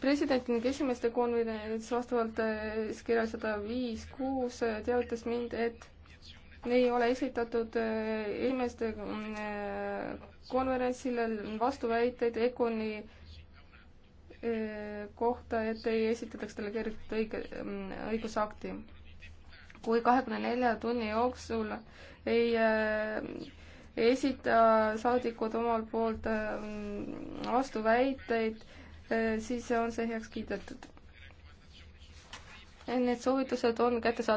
presidentide esimeste konverents vastavalt eeskirja eh, sada viis kuus eh, teatas mind, et ei ole esitatud esimeste eh, konverentsile vastuväiteid EKONi kohta, et ei esitataks delegeeritud õige, mm, õigusakti. kui kahekümne nelja tunni jooksul ei esita saadikud omalt poolt mm, vastuväiteid, Äh, siis on see heaks kiidetud. Need soovitused on kättesaadavad.